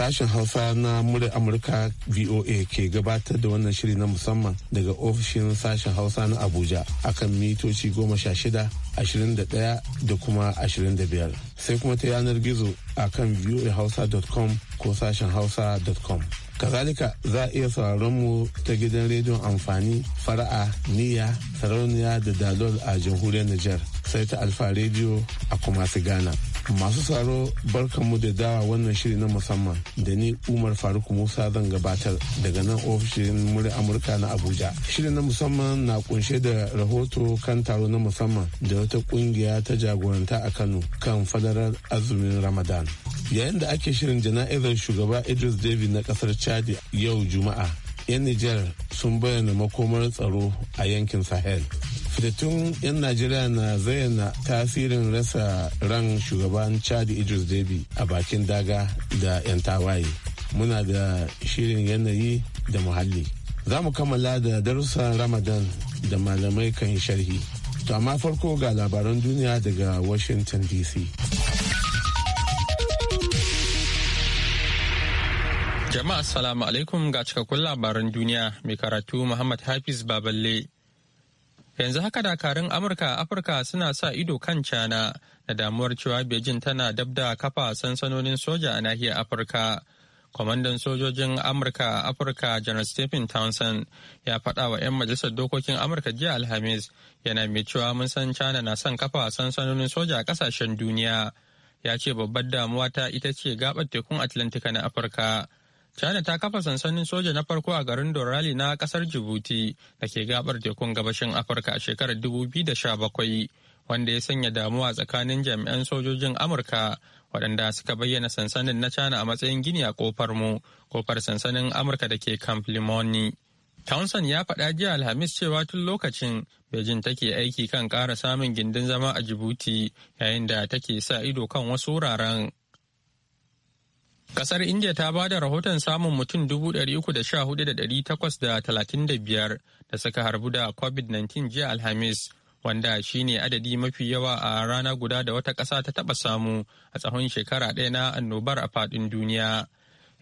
Sashen Hausa na muryar Amurka VOA ke gabatar da wannan shiri na musamman daga ofishin sashen Hausa na Abuja akan mitoci goma sha shida, ashirin da daya da kuma ashirin da biyar. Sai kuma ta yanar gizo a akan voahausa.com ko sashen hausa.com. kazalika za a iya sauraron mu ta gidan rediyon amfani fara'a niyya sarauniya da dalol a jamhuriyar niger sai ta alfa rediyo a kuma su ghana Masu tsaro mu da dawa wannan shiri na musamman da ni Umar Faruk Musa zan gabatar daga nan ofishin muri Amurka na Abuja. Shirin na musamman na kunshe da rahoto kan taro na musamman da wata kungiya ta jagoranta a Kano kan fadarar azumin Ramadan. Yayin da ake shirin jana'izar shugaba Idris David na kasar Chadi yau Juma'a. 'Yan Nijar sun bayyana makomar tsaro a yankin Sahel. da tun 'yan najeriya na zayyana tasirin rasa ran shugaban chad idris debi a bakin daga da 'yan tawaye muna da shirin yanayi da muhalli za mu kammala da darussan ramadan da malamai kan sharhi to amma farko ga labaran duniya daga washington dc jama'a assalamu alaikum ga cikakkun labaran duniya mai karatu muhammad hafiz baballe yanzu haka dakarun amurka a afirka suna sa ido kan cana da damuwar cewa beijing tana dab kafa sansanonin soja a nahiyar afirka kwamandan sojojin amurka a afirka general stephen townsend ya faɗa wa 'yan majalisar dokokin amurka jiya alhamis yana mai cewa mun san cana na son kafa sansanonin soja a kasashen duniya ya ce babbar damuwa ta ita ce gabar tekun atlantika na afirka China ta kafa sansanin soja na farko a garin Dorali na kasar Djibouti da ke gabar tekun gabashin Afirka a shekarar 2017 wanda ya sanya damuwa tsakanin jami'an sojojin Amurka waɗanda suka bayyana sansanin na China a matsayin gini a kofar mu kofar sansanin Amurka da ke Camp Limoni. Townsend ya faɗa jiya Alhamis cewa tun lokacin Beijing take aiki kan ƙara samun gindin zama a Djibouti yayin da take sa ido kan wasu wuraren. Kasar India ta ba da rahoton samun mutum 314,835 da suka harbu da COVID-19 jiya Alhamis, wanda shi ne adadi mafi yawa a rana guda da wata ƙasa ta taɓa samu a tsawon shekara ɗaya na annobar a faɗin duniya.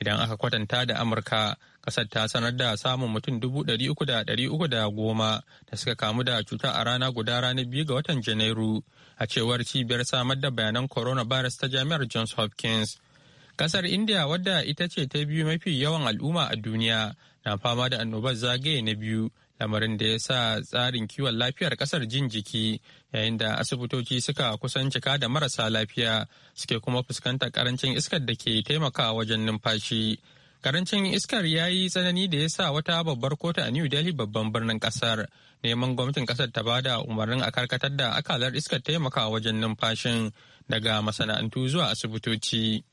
Idan aka kwatanta da Amurka, ƙasar ta sanar da samun mutum 300,310 da suka kamu da cuta a rana guda ranar biyu ga watan Janairu, a cewar cibiyar samar da bayanan coronavirus ta Jami'ar Johns Hopkins. Kasar India wadda ita ce ta biyu mafi yawan al'umma a duniya na fama da annobar zagaye na biyu lamarin da ya sa tsarin kiwon lafiyar kasar jin jiki yayin da asibitoci suka kusan cika da marasa lafiya suke kuma fuskantar karancin iskar da ke taimaka wajen numfashi. Karancin iskar ya yi tsanani da ya sa wata babbar kota a New Delhi babban birnin kasar neman gwamnatin kasar ta bada umarnin a karkatar da akalar iskar taimaka wajen numfashin daga masana'antu zuwa asibitoci.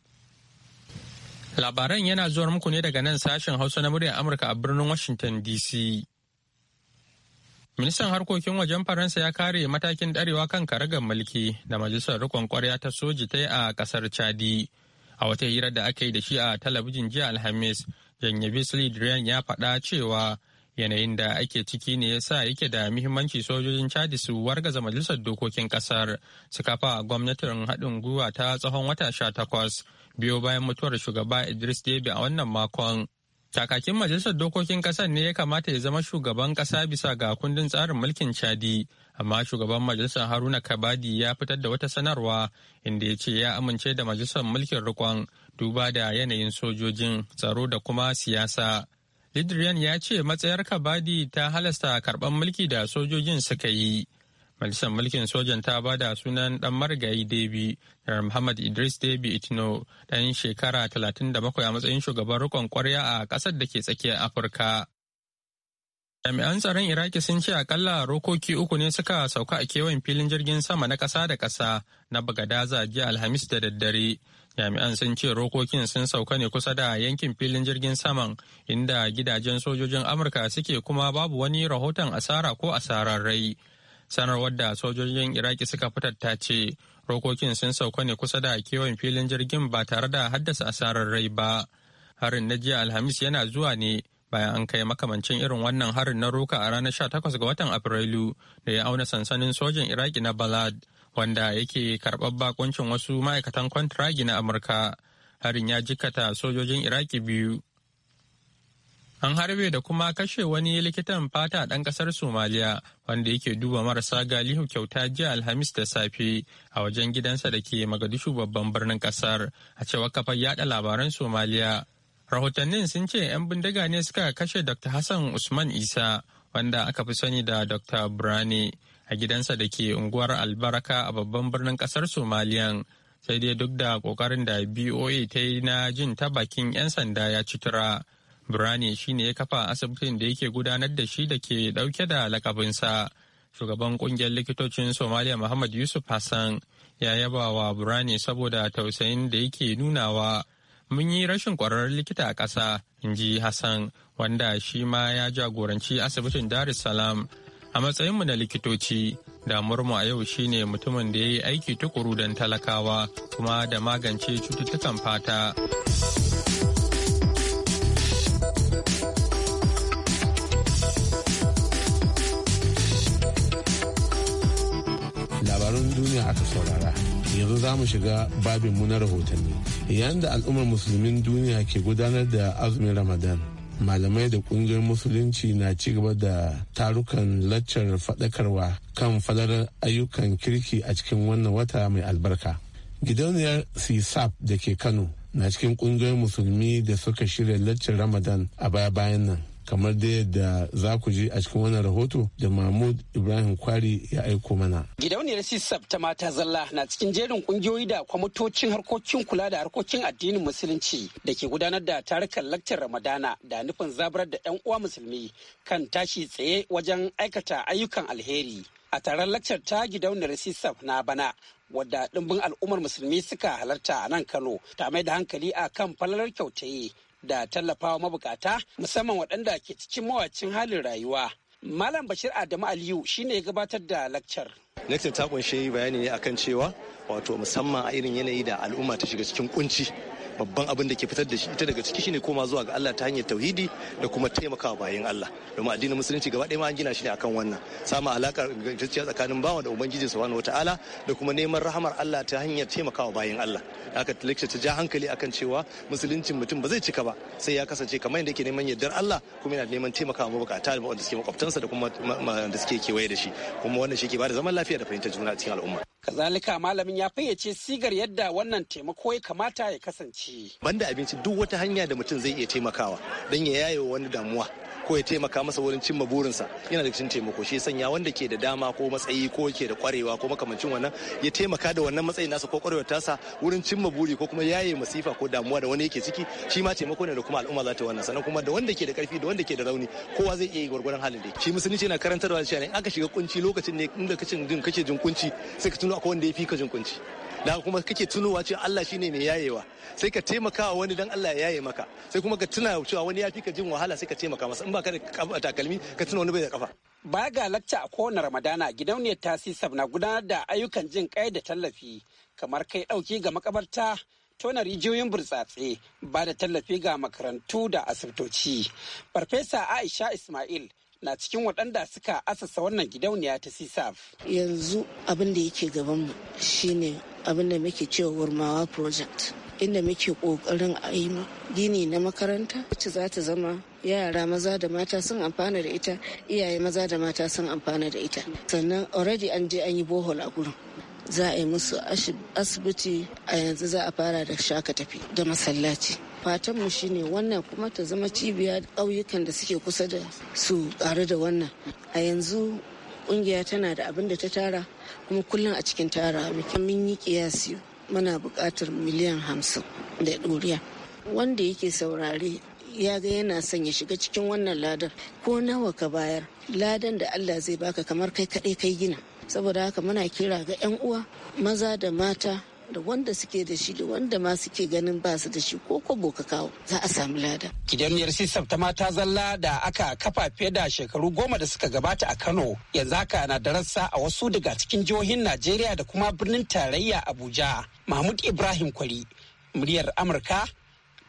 Labaran yana zuwa muku ne daga nan sashen Hausa na muryar Amurka a birnin Washington DC. Ministan harkokin wajen Faransa ya kare matakin ɗarewa kan karagar mulki da majalisar rikon kwarya ta soji ta a ƙasar Chadi. A wata hirar da aka yi da shi a talabijin jiya Alhamis, janyabi Bisley Drian ya faɗa cewa yanayin da ake ciki ne ya sa yake da muhimmanci sojojin chadi su wargaza majalisar dokokin kasar su kafa gwamnatin haɗin gwiwa ta tsawon wata sha takwas biyo bayan mutuwar shugaba idris debi a wannan makon takakin majalisar dokokin kasar ne ya kamata ya zama shugaban kasa bisa ga kundin tsarin mulkin chadi amma shugaban majalisar haruna kabadi ya fitar da wata sanarwa inda ya ce ya amince da majalisar mulkin rikon duba da yanayin sojojin tsaro da kuma siyasa Lidrian ya ce matsayar Kabadi ta halasta karban mulki da sojojin suka yi. Majalisar mulkin sojan ta ba da sunan ɗan marigayi Debi, da Muhammad Idris Debi Itno, ɗan shekara 37 a matsayin shugaban rikon kwarya a ƙasar da ke tsakiyar Afirka. Jami'an tsaron Iraki sun ce akalla rokoki uku ne suka sauka a kewayen filin jirgin sama na ƙasa da ƙasa na Bagadaza jiya Alhamis da daddare. jami'an sun ce rokokin sun sauka ne kusa da yankin filin jirgin saman inda gidajen sojojin amurka suke kuma babu wani rahoton asara ko asarar rai sanarwar da sojojin iraki suka fitar ta ce rokokin sun sauka ne kusa da kewayen filin jirgin ba tare da haddasa asarar rai ba harin na jiya alhamis yana zuwa ne bayan an kai makamancin irin wannan harin na roka a ranar 18 ga watan afrilu da ya auna sansanin sojin iraki na balad wanda yake karɓar bakuncin wasu ma'aikatan kwantiragi na Amurka. Harin ya jikata sojojin Iraki biyu. An harbe da kuma kashe wani likitan fata ɗan ƙasar Somaliya wanda yake duba marasa galihu kyauta jiya Alhamis da safe a wajen gidansa da ke Magadishu babban birnin ƙasar a cewar kafar yada labaran Somaliya. Rahotannin sun ce 'yan bindiga ne suka kashe Dr. Hassan Usman Isa wanda aka fi sani da Dr. Birane. a gidansa da ke unguwar albarka a babban birnin kasar somaliyan sai dai duk da kokarin da boa ta yi na jin ta bakin 'yan sanda ya ci tura birane shine ya kafa asibitin da yake gudanar da shi da ke dauke da lakabinsa shugaban kungiyar likitocin somaliya muhammad yusuf hassan ya yaba wa birane saboda tausayin da yake nunawa mun yi rashin kwararren likita a ƙasa in ji hassan wanda shi ma ya jagoranci asibitin dar es salaam A matsayinmu na likitoci, damar mu a yau shine mutumin da ya yi aiki tukuru don talakawa kuma da magance cututtukan fata. Labaran duniya aka saurara. yanzu za mu shiga babinmu na rahotanni yayin da al'ummar musulmin duniya ke gudanar da azumin ramadan malamai da kungiyar musulunci na ci gaba da tarukan laccar faɗakarwa kan falalar ayyukan kirki a cikin wannan wata mai albarka gidauniyar csap da ke kano na cikin kungiyar musulmi da suka shirya laccar ramadan a baya bayan nan kamar da yadda za ku ji a cikin wannan rahoto da mahmud ibrahim kwari ya aiko mana gidauniyar sisab ta mata zalla na cikin jerin kungiyoyi da kwamitocin harkokin kula da harkokin addinin musulunci da ke gudanar da tarukan laktar ramadana da nufin zabar da yan uwa musulmi kan tashi tsaye wajen aikata ayyukan alheri a taron lakcar ta gidauniyar sisab na bana wadda dimbin al'ummar musulmi suka halarta a nan kano ta mai da hankali a kan falalar kyautaye da tallafawa mabukata musamman waɗanda ke cikin mawacin halin rayuwa. Malam Bashir Adamu Aliyu shine ya gabatar da lakcar. Next ta kunshi bayani ne akan cewa wato musamman a irin yanayi da al'umma ta shiga cikin kunci babban abin da ke fitar da shi ita daga ciki shine koma zuwa ga Allah ta hanyar tauhidi da kuma taimakawa bayan Allah domin addinin musulunci gaba ɗaya ma an gina shi ne akan wannan samun alaka ingantacciya tsakanin bawa da ubangiji subhanahu wataala da kuma neman rahamar Allah ta hanyar taimakawa bayan Allah haka lecture ta ja hankali akan cewa musuluncin mutum ba zai cika ba sai ya kasance kamar yadda yake neman yardar Allah kuma yana neman taimakawa mabukata da wanda suke makwabtansa da kuma wanda suke kewaye da shi kuma wannan shi ke bada zaman lafiya da fahimtar juna cikin al'umma. Kazalika malamin ya fayyace sigar yadda wannan taimako ya kamata ya kasance. Banda abinci duk wata hanya da mutum zai iya taimakawa don ya yaye wani damuwa ko ya taimaka masa wurin cimma burinsa yana da cikin taimako shi sanya wanda ke da dama ko matsayi ko ke da kwarewa ko makamancin wannan ya taimaka da wannan matsayin nasa ko kwarewar tasa wurin cimma buri ko kuma yaye masifa ko damuwa da wani yake ciki shi ma taimako ne da kuma al'umma za ta wannan sannan kuma da wanda ke da karfi da wanda ke da rauni kowa zai iya yi gwargwaron halin da shi musulunci yana karantarwa da aka shiga kunci lokacin ne inda ka kake jin kunci sai ka tuno akwai wanda ya fi ka jin kunci da kuma kake tunowa cewa Allah shine mai yayewa sai ka taimaka wa wani dan Allah ya yaye maka sai kuma ka tuna cewa wani ya fi ka jin wahala sai ka taimaka masa in ba ka da takalmi ka tuna wani bai da kafa baya ga lacca a kowane ramadana gidauniyar tasisab na gudanar da ayyukan jin kai da tallafi kamar kai dauki ga makabarta tona rijiyoyin burtsatse ba da tallafi ga makarantu da asibitoci farfesa aisha ismail na cikin waɗanda suka asasa wannan gidauniya ta sisaf yanzu abin da yake gabanmu shine abin da muke cewa wurmawa project inda muke kokarin a yi gini na makaranta wacce za ta zama yara maza da mata sun amfana da ita iyaye maza da mata sun amfana da ita sannan already an je an yi bohol a gurin za a yi musu asibiti a yanzu za a fara da shaka tafi da masallaci fatanmu shine wannan kuma ta zama cibiyar ƙauyukan da suke kusa da su ƙaru da wannan a yanzu kungiya tana da abin da ta tara kuma kullum a cikin tara muke mun yi kiyasi muna buƙatar miliyan hamsin da ɗoriya wanda yake saurare ya ga yana son ya shiga cikin wannan ladar ko nawa ka bayar ladan da allah zai baka kamar kai kaɗai kai gina saboda haka muna kira ga 'yan uwa maza da mata da wanda suke da shi da wanda ma suke ganin ba su da shi ko kobo ka kawo za a samu lada. Gidauniyar Sisaf ta mata zalla da aka kafa fiye da shekaru goma da suka gabata a Kano yanzu haka na darasa a wasu daga cikin jihohin Najeriya da kuma birnin tarayya Abuja. Mahmud Ibrahim Kwari, muryar Amurka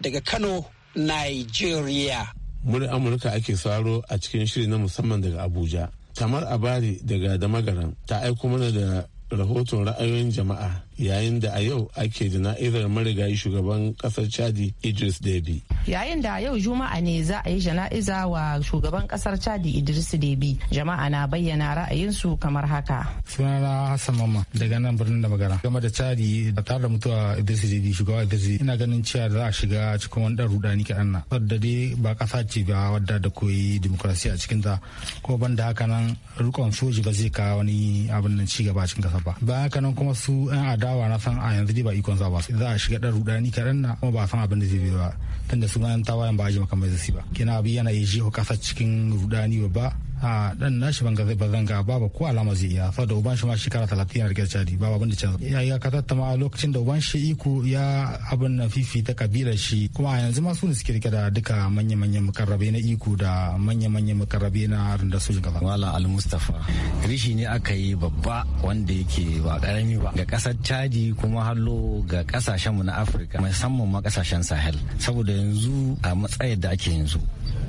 daga Kano, Nigeria. Muryar Amurka ake saro a cikin shiri na musamman daga Abuja. Tamar Abari daga Damagaran ta aiko mana da rahoton ra'ayoyin jama'a yayin da a yau ake na'izar marigayi shugaban kasar chadi idris debi yayin da yau juma'a ne za a yi jana'iza wa shugaban kasar chadi idris debi jama'a na bayyana ra'ayinsu kamar haka sunana hassan Mamman daga nan birnin da magana game da chadi da tare da mutuwa idris debi shugaba idris ina ganin cewa za a shiga cikin wani dan rudani kaɗan na wadda dai ba kasa ce ba wadda da koyi demokrasiya a cikin ta ko ban da haka nan rikon soji ba zai kawo wani abin nan ci gaba cikin kasa ba bayan haka nan kuma su 'yan dawa na san a yanzu dai ba ikon za ba za a shiga dan rudani kaɗan na kuma ba san abin da zai bi ba tunda sunan tawayan yan tawayen ba a ji makamai zai ba kina bi yana yi jiho kasa cikin rudani ba a dan nashi ban zai ba zanga babu ko alama zai iya saboda uban shi ma shekara talatin yana rigar cadi babu abin da ya yi katatta lokacin da uban shi iko ya abin na fifita kabila shi kuma a yanzu ma su ne suke rike da duka manya-manyan mukarrabe na iko da manya-manyan mukarrabe na rundar sojin gaba. Wala Al Mustafa rishi ne aka yi babba wanda yake ba karami ba ga kasar cadi kuma hallo ga kasashen mu na Afirka musamman ma kasashen Sahel saboda yanzu a matsayar da ake yanzu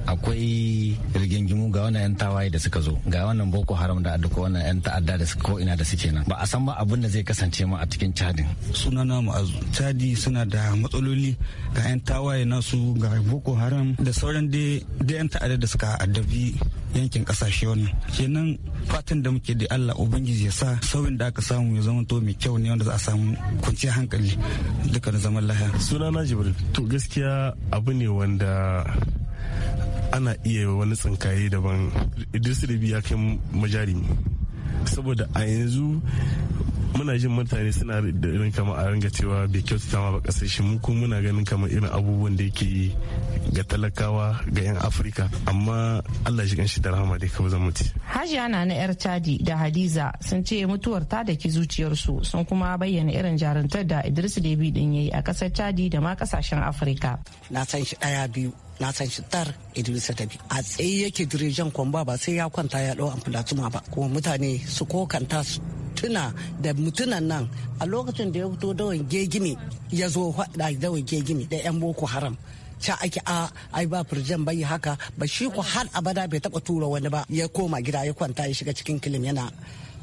akwai rigingimu ga wannan 'yan tawaye da suka zo ga wannan boko haram da duka wannan 'yan ta'adda da ko ina da suke nan ba a san ba abin da zai kasance ma a cikin cadin sunana ma'azu cadi suna da matsaloli ga 'yan tawaye nasu ga boko haram da sauran da 'yan ta'adda da suka addabi yankin kasashe wannan kenan fatan da muke da Allah ubangiji ya sa sauyin da aka samu ya zama to mai kyau ne wanda za a samu kwanciyar hankali duka da zaman lahiya sunana jibril to gaskiya abu ne wanda ana iya wani tsinkaye daban idris rabi ya kai majarimi saboda a yanzu muna jin mutane suna da irin kama a ringa cewa bai kyautata ma ba kasar mu muna ganin kama irin abubuwan da yake yi ga talakawa ga 'yan afirka amma allah shi shi da rahama dai kawai zamu hajiya na na yar cadi da hadiza sun ce mutuwar ta da ki zuciyarsu sun kuma bayyana irin jaruntar da idris debi din yayi a kasar cadi da ma kasashen afirka na san shi daya biyu na san shi tar idrisa tabi a tsaye yake direjan kwamba ba sai ya kwanta ya ɗau tuma ba kuma mutane su kokanta su tuna da mutunan nan a lokacin da ya fito dawan gegini ya zo da dawan gegini da yan boko haram ca ake a ai ba firjan bai haka ba shi ko har abada bai taba tura wani ba ya koma gida ya kwanta ya shiga cikin kilim yana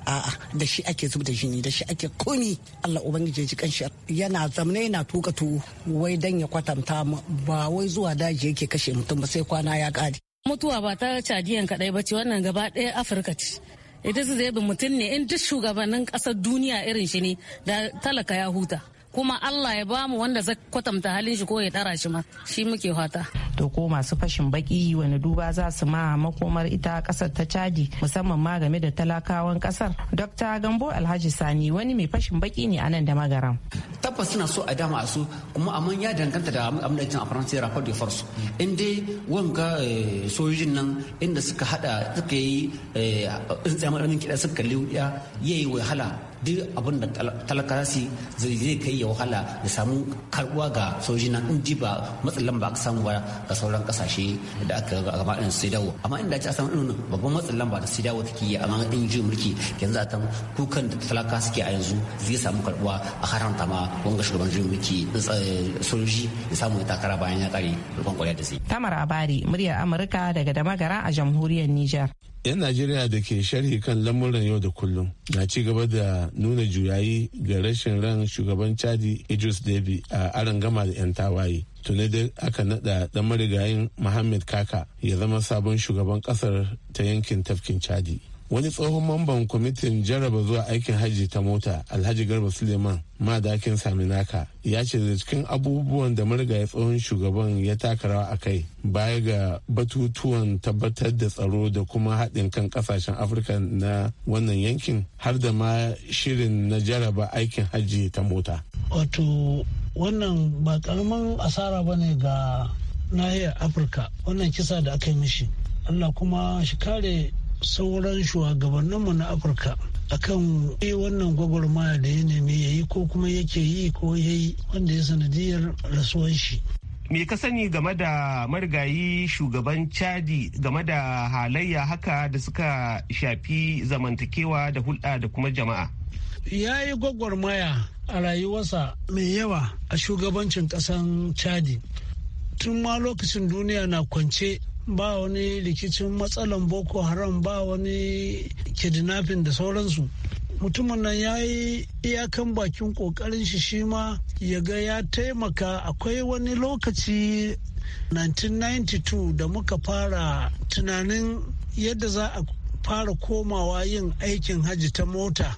a'a da shi ake zub da jini da shi ake kuni Allah ubangiji ji kanshi yana zamne yana tuka tuwo wai dan ya kwatanta ba wai zuwa daji yake kashe mutum ba sai kwana ya kare mutuwa ba ta cadiyan kadai ba ce wannan gaba ɗaya afirka ce ita su zai bi mutum ne in duk shugabannin kasar duniya irin shi ne da talaka ya huta kuma Allah ya bamu wanda zai kwatanta halin shi ko ya tara shi ma shi muke fata to ko masu fashin baki wani duba za su ma makomar ita kasar ta caji musamman ma game da talakawan kasar dr gambo alhaji sani wani mai fashin baki ne anan nan da magaram tabbas suna so a dama a su kuma amma ya danganta da amurkin a faransa ya de force in dai wanga eh, sojojin nan inda suka hada suka yi eh, tsamar kiɗa suka ya yi wahala duk abin da talaka su zai kai ya wahala da samu karbuwa ga sojina in ji ba matsin ba aka samu ba ga sauran kasashe da aka gaba din sai dawo amma inda ci a samu ɗin babban matsin ba da sai dawo take yi amma in ji mulki yanzu a kukan da talaka suke a yanzu zai samu karbuwa a haramta ma wanga shugaban jin mulki eh, soji ya samu ya takara bayan ya kare rukun kwaya da sai. Tamar Abari, muryar Amurka daga Damagara a jamhuriyar Nijar. 'yan najeriya da ke sharhi kan lamuran yau da kullum na ci gaba da nuna juyayi ga rashin ran shugaban chadi idris debi a gama da 'yan tawaye tuni da aka nada dan marigayin muhammad kaka ya zama sabon shugaban kasar ta yankin tafkin chadi wani tsohon mamban kwamitin jaraba zuwa aikin hajji ta mota alhaji garba suleiman madakin saminaka ya ce da cikin abubuwan da marigayi tsohon shugaban ya taka rawa a kai baya ga batutuwan tabbatar da tsaro da kuma haɗin kan ƙasashen afirka na wannan yankin har da ma shirin na jaraba aikin hajji ta mota wato wannan ba karamin asara ba ne ga nahiyar afirka wannan kisa da aka yi mishi allah kuma shi kare sauran shugabanninmu na afirka akan wannan gwagwarmaya da ya nemi ya yi ko kuma yake yi ko ya yi wanda ya sanadiyar rasuwan shi me ka sani game da marigayi shugaban chadi game da halayya haka da suka shafi zamantakewa da hulɗa da kuma jama'a ya yi gwagwarmaya a rayuwarsa mai yawa a shugabancin ƙasan chadi tun ma lokacin duniya na kwance ba wani rikicin matsalan boko haram ba wani kidnapping da sauransu mutumin nan ya yi iyakan bakin kokarin shi shi ma ya ga ya taimaka akwai wani lokaci 1992 da muka fara tunanin yadda za a fara komawa yin aikin hajji ta mota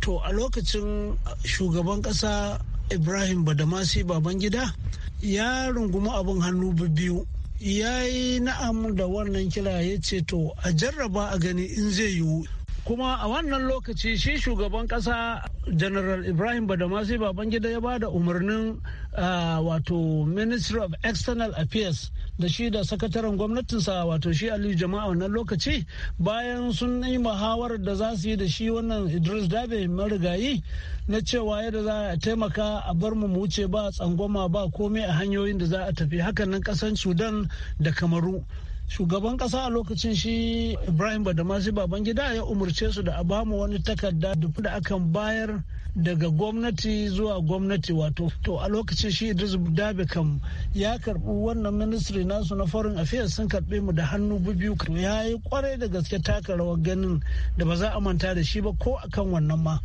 to a lokacin shugaban kasa ibrahim badamasi babangida ya rungumi abin hannu biyu ya yi na'am da wannan kira ya ce to a jarraba a gani in zai yiwu kuma a wannan lokaci shi shugaban kasa general ibrahim badamasi babangida ya ba da umarnin wato ministry of external affairs da shi da sakataren gwamnatinsa wato shi aliyu jama'a wannan lokaci bayan sun yi muhawarar da za su yi da shi wannan idris dabe marigayi na cewa yadda za a taimaka a bar mu wuce ba tsangwama ba komai a hanyoyin da za a tafi hakan nan kasan sudan da kamaru shugaban kasa a lokacin shi ibrahim badamasi baban gida ya umarce su da a bamu wani takarda da akan bayar daga gwamnati zuwa gwamnati wato to a lokacin shi idris dabe kam ya karbi wannan ministry nasu na foreign affairs sun karbe mu da hannu biyu ya yi kwarai da gaske taka rawar ganin da ba za a manta da shi ba ko akan wannan ma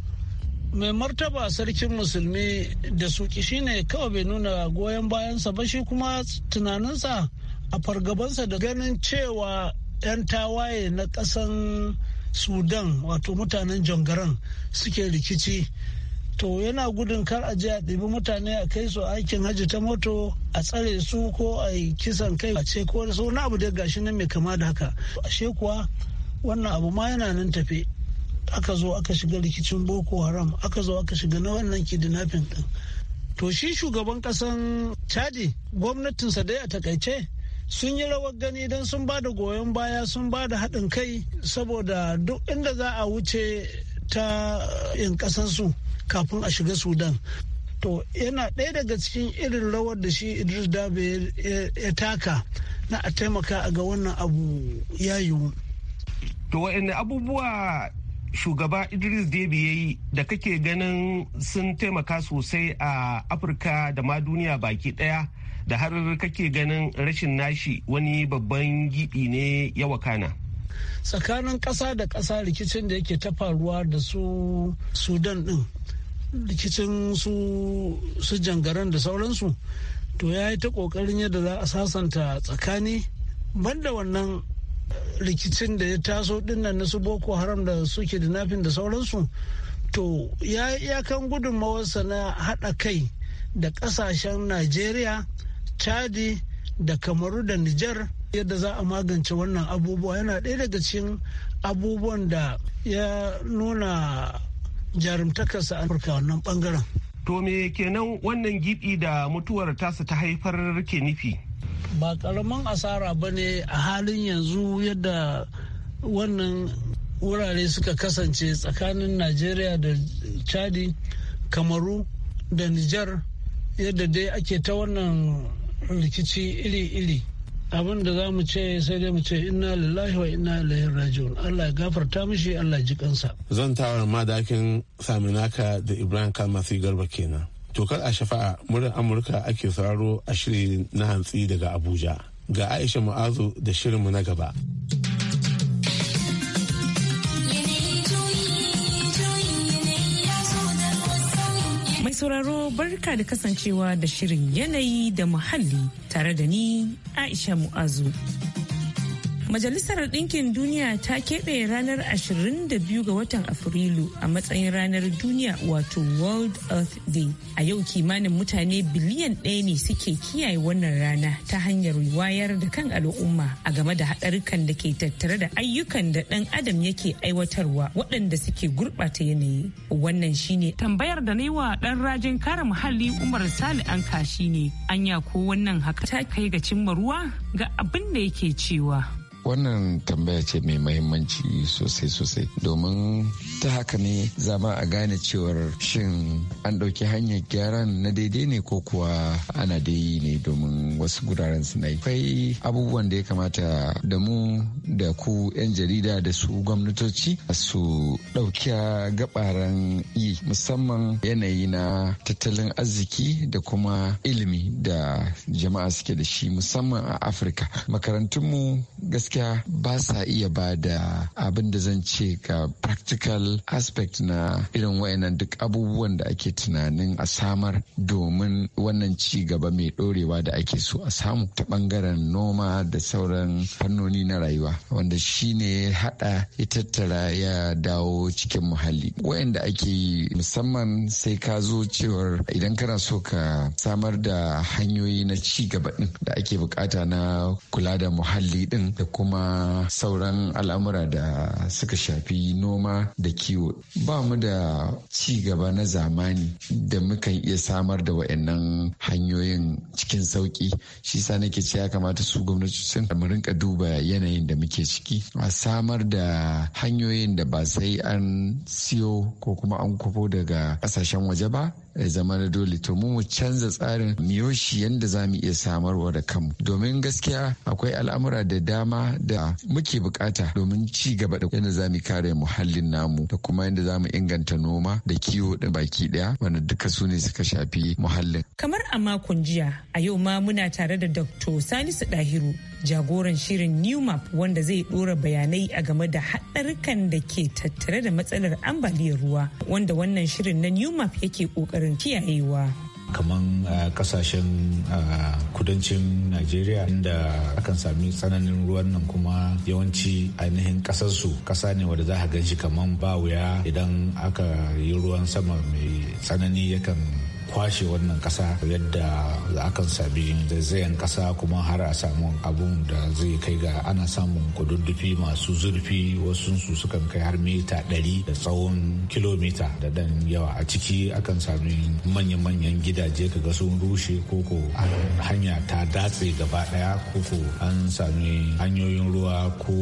mai martaba sarkin musulmi da suki shine kawai bai nuna goyon bayansa ba shi kuma tunaninsa a fargabansa da ganin cewa 'yan tawaye na ƙasan sudan wato mutanen jongaran suke rikici to yana gudun kar a je a ɗibi mutane a kai su aikin hajji ta moto a tsare su ko a yi kisan kai a ce ko so na abu da gashi nan mai kama da haka ashe kuwa wannan abu ma yana nan tafe aka zo aka shiga rikicin boko haram aka zo aka shiga na wannan kidnapping din to shi shugaban ƙasan chadi gwamnatinsa dai a takaice sun yi rawar gani don sun ba da goyon baya sun ba da haɗin kai saboda duk inda za a wuce ta eh, yin ƙasarsu kafin a shiga sudan to yana ɗaya daga cikin irin rawar da shi idris dabe ya taka na a taimaka a ga wannan abu ya yiwu to waɗanne abubuwa shugaba idris dabe ya yi da kake ganin sun taimaka sosai a afirka da ma duniya baki ɗaya da har kake ganin rashin nashi wani babban gibi ne ya wakana. tsakanin ƙasa da ƙasa rikicin da yake ta faruwa da su sudan ɗin rikicin su su jangaren da sauransu to ya yi ta ƙoƙarin yadda za a sasanta tsakani banda wannan rikicin da ya taso dinnan na su boko haram da suke da nafin da sauransu to ya iyakan gudunmawarsa na haɗa kai da ƙasashen najeriya chadi da kamaru da nijar yadda za a magance wannan abubuwa yana ɗaya daga cikin abubuwan da ya nuna jarumtakarsa a afirka wannan bangaren to me kenan wannan gidi da mutuwar tasa ta haifar ke nufi ba karamin asara ba ne a halin yanzu yadda wannan wurare suka kasance tsakanin najeriya da chadi kamaru da nijar yadda dai ake ta wannan rikici iri-iri abin da za mu ce sai dai mu ce inna lillahi wa inna ilaihi raji'un Allah ya gafarta mishi Allah ji kansa zan tawar madakin saminaka da Ibrahim Kalmasi Garba kenan tokar a shafa'a murin Amurka ake sauraro a shiri na hantsi daga Abuja ga Aisha Mu'azu da shirinmu na gaba. Mai sauraro barka da kasancewa da shirin yanayi da muhalli tare da ni Aisha Mu'azu. Majalisar Ɗinkin Duniya ta keɓe ranar 22 ga watan Afrilu a matsayin ranar duniya wato World Earth Day. A yau kimanin mutane biliyan ɗaya ne suke kiyaye wannan rana ta hanyar wayar da kan al'umma a game da haɗarukan da ke tattare da ayyukan da ɗan adam yake aiwatarwa waɗanda suke gurɓata yanayi. Wannan shine tambayar da na wa ɗan rajin kare muhalli Umar Sali Anka shine anya ko wannan haka ta kai ga cimma ruwa ga abin da yake cewa. Wannan tambaya ce mai mahimmanci sosai-sosai domin ta haka ne zama a gane cewar shin an ɗauki hanyar gyaran na daidai ne ko kuwa ana dai ne domin wasu guraren na yi. Akwai abubuwan da ya kamata da mu da ku 'yan jarida da su gwamnatoci su ɗauki gabaran yi musamman yanayi na tattalin arziki da kuma ilimi da jama'a suke da shi musamman a Afirka. Makarantunmu gaskiya gaskiya ba sa iya ba da abin da zan ce ga practical aspect na irin wayannan duk abubuwan da ake tunanin a samar domin wannan ci gaba mai ɗorewa da ake so a samu ta bangaren noma da sauran fannoni na rayuwa wanda shine hada ya tattara ya dawo cikin muhalli wayanda ake yi musamman sai ka zo cewar idan kana so ka samar da hanyoyi na ci gaba din da ake bukata na kula da muhalli din da kuma sauran al'amura da suka shafi noma da kiwo ba mu da ci gaba na zamani da mukan iya samar da wa'annan hanyoyin cikin sauki shi sa nake ce ya kamata su gwamnati sun mu rinka duba yanayin da muke ciki a samar da hanyoyin da ba sai an siyo ko kuma an kufo daga kasashen waje ba zama na dole to mu mu canza tsarin miyoshi yadda za mu iya samarwa da kanmu domin gaskiya akwai al'amura da dama da muke bukata domin ci gaba da yadda za mu kare muhallin namu da kuma yadda za mu inganta noma da kiwo da baki daya wanda duka su ne suka shafi muhallin kamar a makon jiya a yau ma muna tare da dr salisu dahiru jagoran shirin new map wanda zai dora bayanai a game da haɗarkan da ke tattare da matsalar ambaliyar ruwa wanda wannan shirin na new map yake ƙoƙarin kokarin kiyayewa kaman kasashen kudancin najeriya inda akan sami tsananin ruwan nan kuma yawanci ainihin kasarsu kasa ne wadda za a gan shi kaman ba wuya idan aka yi ruwan sama mai tsanani yakan kwashe wannan kasa yadda za a kan sami zaizayen kasa kuma har a samu abun da zai kai ga ana samun kududdufi masu zurfi wasu su sukan kai har mita ɗari da tsawon kilomita da dan yawa a ciki akan sami manya-manyan gidaje kaga sun rushe koko hanya ta datse gaba daya koko an sami hanyoyin ruwa ko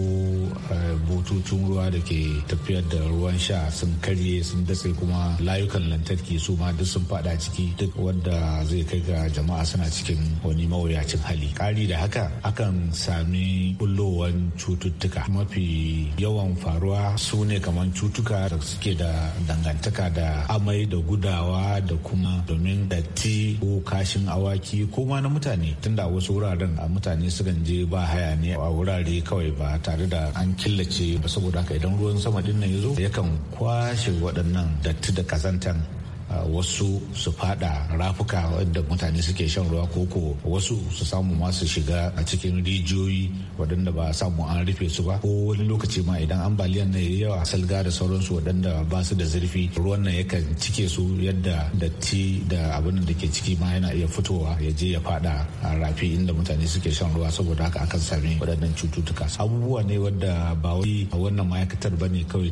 eh, bututun ruwa da ke tafiyar da ruwan sha sun karye sun datse kuma layukan lantarki su ma duk sun fada ciki ciki duk wadda zai kai ga jama'a suna cikin wani mawuyacin hali kari da haka akan sami bullowan cututtuka mafi yawan faruwa su ne kamar cutuka da suke da dangantaka da amai da gudawa da kuma domin datti ko kashin awaki ko ma na mutane tunda wasu wuraren a mutane sukan je ba haya ne a wurare kawai ba tare da an killace ba saboda haka idan ruwan sama din ya zo yakan kwashe waɗannan datti da kazantan wasu su fada rafuka wadda mutane suke shan ruwa koko wasu su samu masu shiga a cikin rijiyoyi waɗanda ba samu an rufe su ba ko wani lokaci ma idan ambaliyan na yawa salga da sauransu waɗanda ba su da zurfi ruwan nan yakan cike su yadda datti da abin da ke ciki ma yana iya fitowa ya je ya fada a rafi inda mutane suke shan ruwa saboda haka akan sami waɗannan cututtuka abubuwa ne wadda ba wai wannan ma'aikatar bane kawai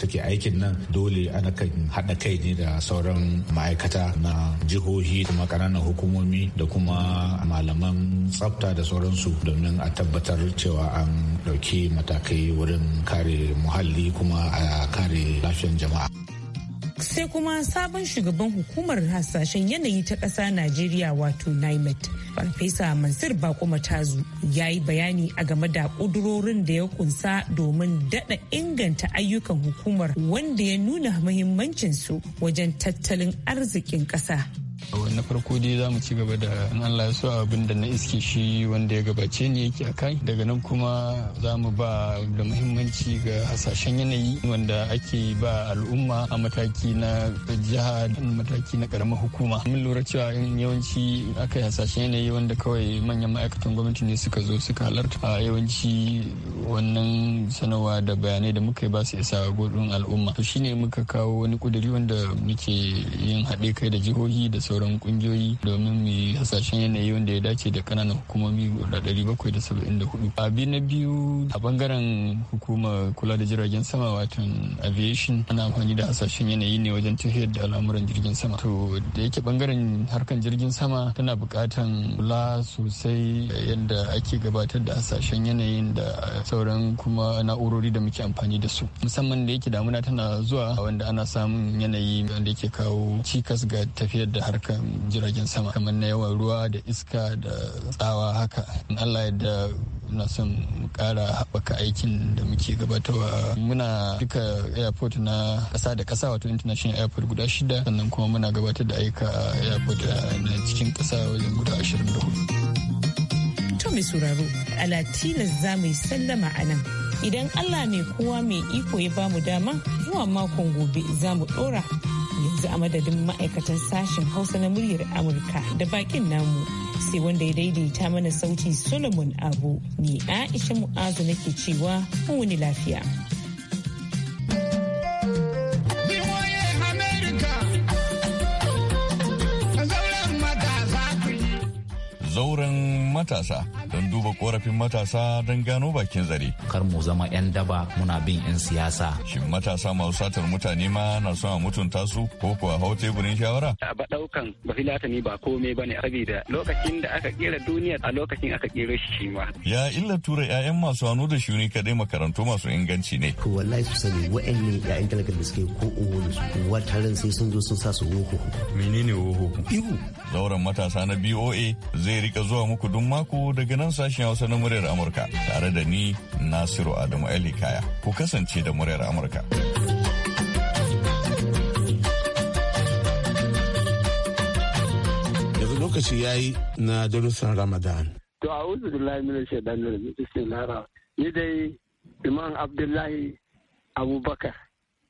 take aikin nan dole ana kan haɗa kai ne da sauran sauran ma'aikata na jihohi kuma ƙananan hukumomi da kuma malaman tsafta da sauransu domin a tabbatar cewa an ɗauki matakai wurin kare muhalli kuma a kare lafiyar jama'a. sai kuma sabon shugaban hukumar hasashen yanayi ta ƙasa najeriya wato nimet farfesa mansur bako matazu ya yi bayani a game da ƙudurorin da ya kunsa domin daɗa inganta ayyukan hukumar wanda ya nuna muhimmancinsu wajen tattalin arzikin ƙasa na farko dai za mu ci gaba da in Allah ya so abin da na iske shi wanda ya gabace ne yake akai daga nan kuma za mu ba da muhimmanci ga hasashen yanayi wanda ake ba al'umma a mataki na jiha da mataki na karamar hukuma mun lura cewa in yawanci aka yi hasashen yanayi wanda kawai manyan ma'aikatan gwamnati ne suka zo suka halarta a yawanci wannan sanarwa da bayanai da muka yi ba su isa godin al'umma to shine muka kawo wani kuduri wanda muke yin haɗe kai da jihohi da sauran sauran kungiyoyi domin mu yi hasashen yanayi wanda ya dace da kananan hukumomi guda hudu. abi na biyu a bangaren hukumar kula da jiragen sama watan aviation ana amfani da hasashen yanayi ne wajen tafiyar da al'amuran jirgin sama to da yake bangaren harkan jirgin sama tana bukatan kula sosai yadda ake gabatar da hasashen yanayin da sauran kuma na'urori da muke amfani da su musamman da yake damuna tana zuwa wanda ana samun yanayi wanda yake kawo cikas ga tafiyar da harkar kan jiragen sama kamar na yawan ruwa da iska da tsawa haka in allah yadda na son kara haɓaka aikin da muke gabatarwa muna duka airport na ƙasa da ƙasa wato international airport guda shida sannan kuma muna gabatar da aika airport eh, na cikin ƙasa wajen guda ashirin da hudu. to mai sauraro ala tilas za mu yi sallama a nan idan allah ne kowa mai iko ya bamu dama zuwa makon gobe za mu ɗora yanzu a madadin ma'aikatan sashen hausa na muryar amurka da bakin namu sai wanda ya daidaita mana sauti solomon abu ne aisha mu'azu nake cewa wani lafiya zauren matasa don duba korafin matasa don gano bakin zare. Kar mu zama 'yan daba muna bin 'yan siyasa. Shin matasa masu satar mutane ma na son a mutunta su ko kuwa hau teburin shawara? A ba daukan ba filatani ba komai ba ne da lokacin da aka kera duniya a lokacin aka kera shi shi ma. Ya illa tura 'ya'yan masu hannu da shuni kadai makarantu masu inganci ne. Ko wallahi su sani wa'annan 'ya'yan talakar da suke ko uwa da su sai sun zo sun sa su woho. Menene woho? Ihu. Zauren matasa na BOA zai rika zuwa muku duk mako daga nan sashen Hausa na muryar Amurka tare da ni Nasiru Adamu Ali Kaya. Ku kasance da muryar Amurka. Yanzu lokaci ya yi na darussan Ramadan. To a wuzu billahi mina shaidanar lara Ni dai iman Abdullahi Abubakar.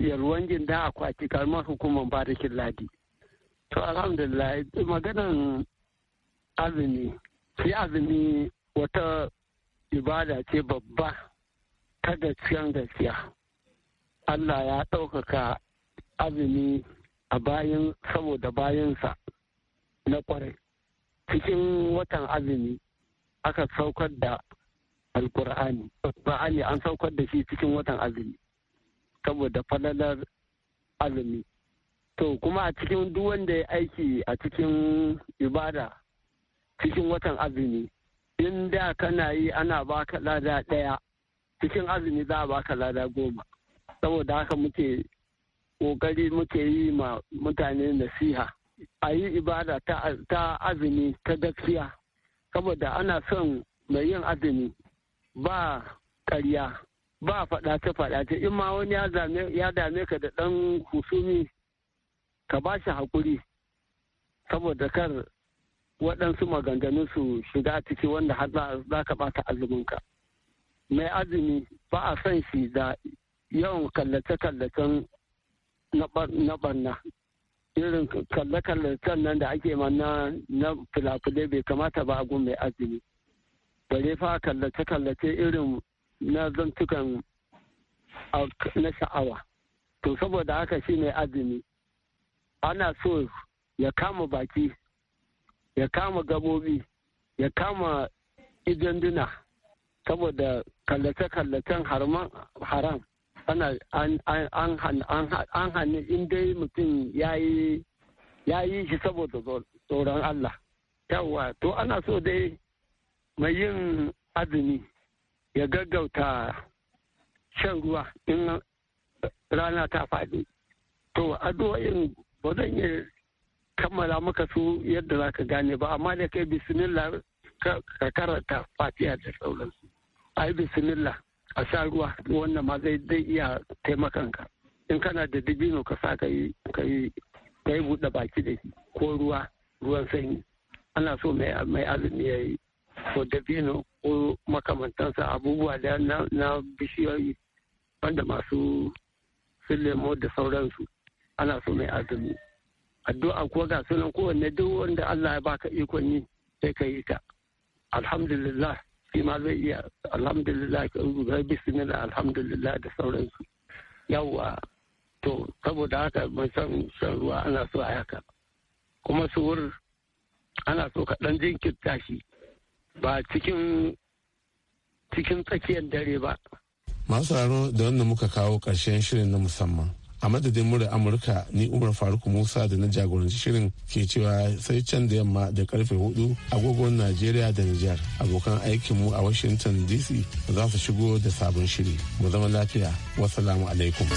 Yarwan da akwati kalmar hukumar barikin ladi. To alhamdulillah maganan azumi sai azumi wata ibada ce babba ta gaskiyan gaskiya Allah ya ɗaukaka azumi a bayan saboda bayansa na kwarai cikin watan azumi aka saukar da alkur'ani alkur'ani an saukar da shi cikin watan azumi saboda falalar azumi to kuma a cikin duk wanda ya aiki a cikin ibada cikin watan azumi in da kana yi ana baka lada ɗaya cikin azumi za a baka lada goma saboda haka muke ƙoƙari muke yi ma mutane nasiha a yi ibada ta azumi ta gaskiya saboda ana son mai yin azumi ba ƙarya ba faɗace-faɗace in ma wani ya dame ka da ɗan husumi ka ba shi haƙuri saboda kar waɗansu maganganu su shiga ciki wanda har za ka ɓata azuminka mai azumi ba a son shi da yawan kallace-kallacen na barna irin kalle-kallacen nan da ake manna na filafilai bai kamata ba a gun mai azumi bare fa kallace-kallace irin na zantukan na sha'awa to saboda haka shi mai azumi ana so ya kama baki ya kama gabobi ya kama idanduna saboda kallace-kallacen haram an hannu inda mutum ya yi shi saboda tsoron Allah. Yawwa, to ana so dai mai yin azumi ya gaggauta shan ruwa in rana ta faɗi. To, addu'o'in ba zan yi kammala maka su yadda za ka gane ba amma da kai bismillah ka karanta fatiha da sauransu ai bismillah a sa ruwa wannan ma zai dai iya taimakanka in kana da dabino ka sa ka yi ka yi buɗe baki da shi ko ruwa ruwan sanyi ana so mai azumi ya yi ko dabino ko makamantansa abubuwa da na bishiyoyi wanda masu su lemo da sauransu ana so mai azumi addu'a kuwa ga sunan kowanne duk wanda Allah ya baka ikon yi sai ka yi ta alhamdulillah shi ma zai iya alhamdulillah ka rubuta bismillah alhamdulillah da sauransu yawwa to saboda haka mun san shan ruwa ana so a haka kuma su wur ana so ka dan jinkirta shi ba cikin cikin tsakiyar dare ba masu raro da wanda muka kawo ƙarshen shirin na musamman a madadin murar amurka ni umar faruk musa da na jagoranci shirin ke cewa sai can da yamma da karfe hudu agogon najeriya da nijar abokan aikinmu a washington dc za su shigo da sabon shiri mu zama lafiya wasalamu alaikum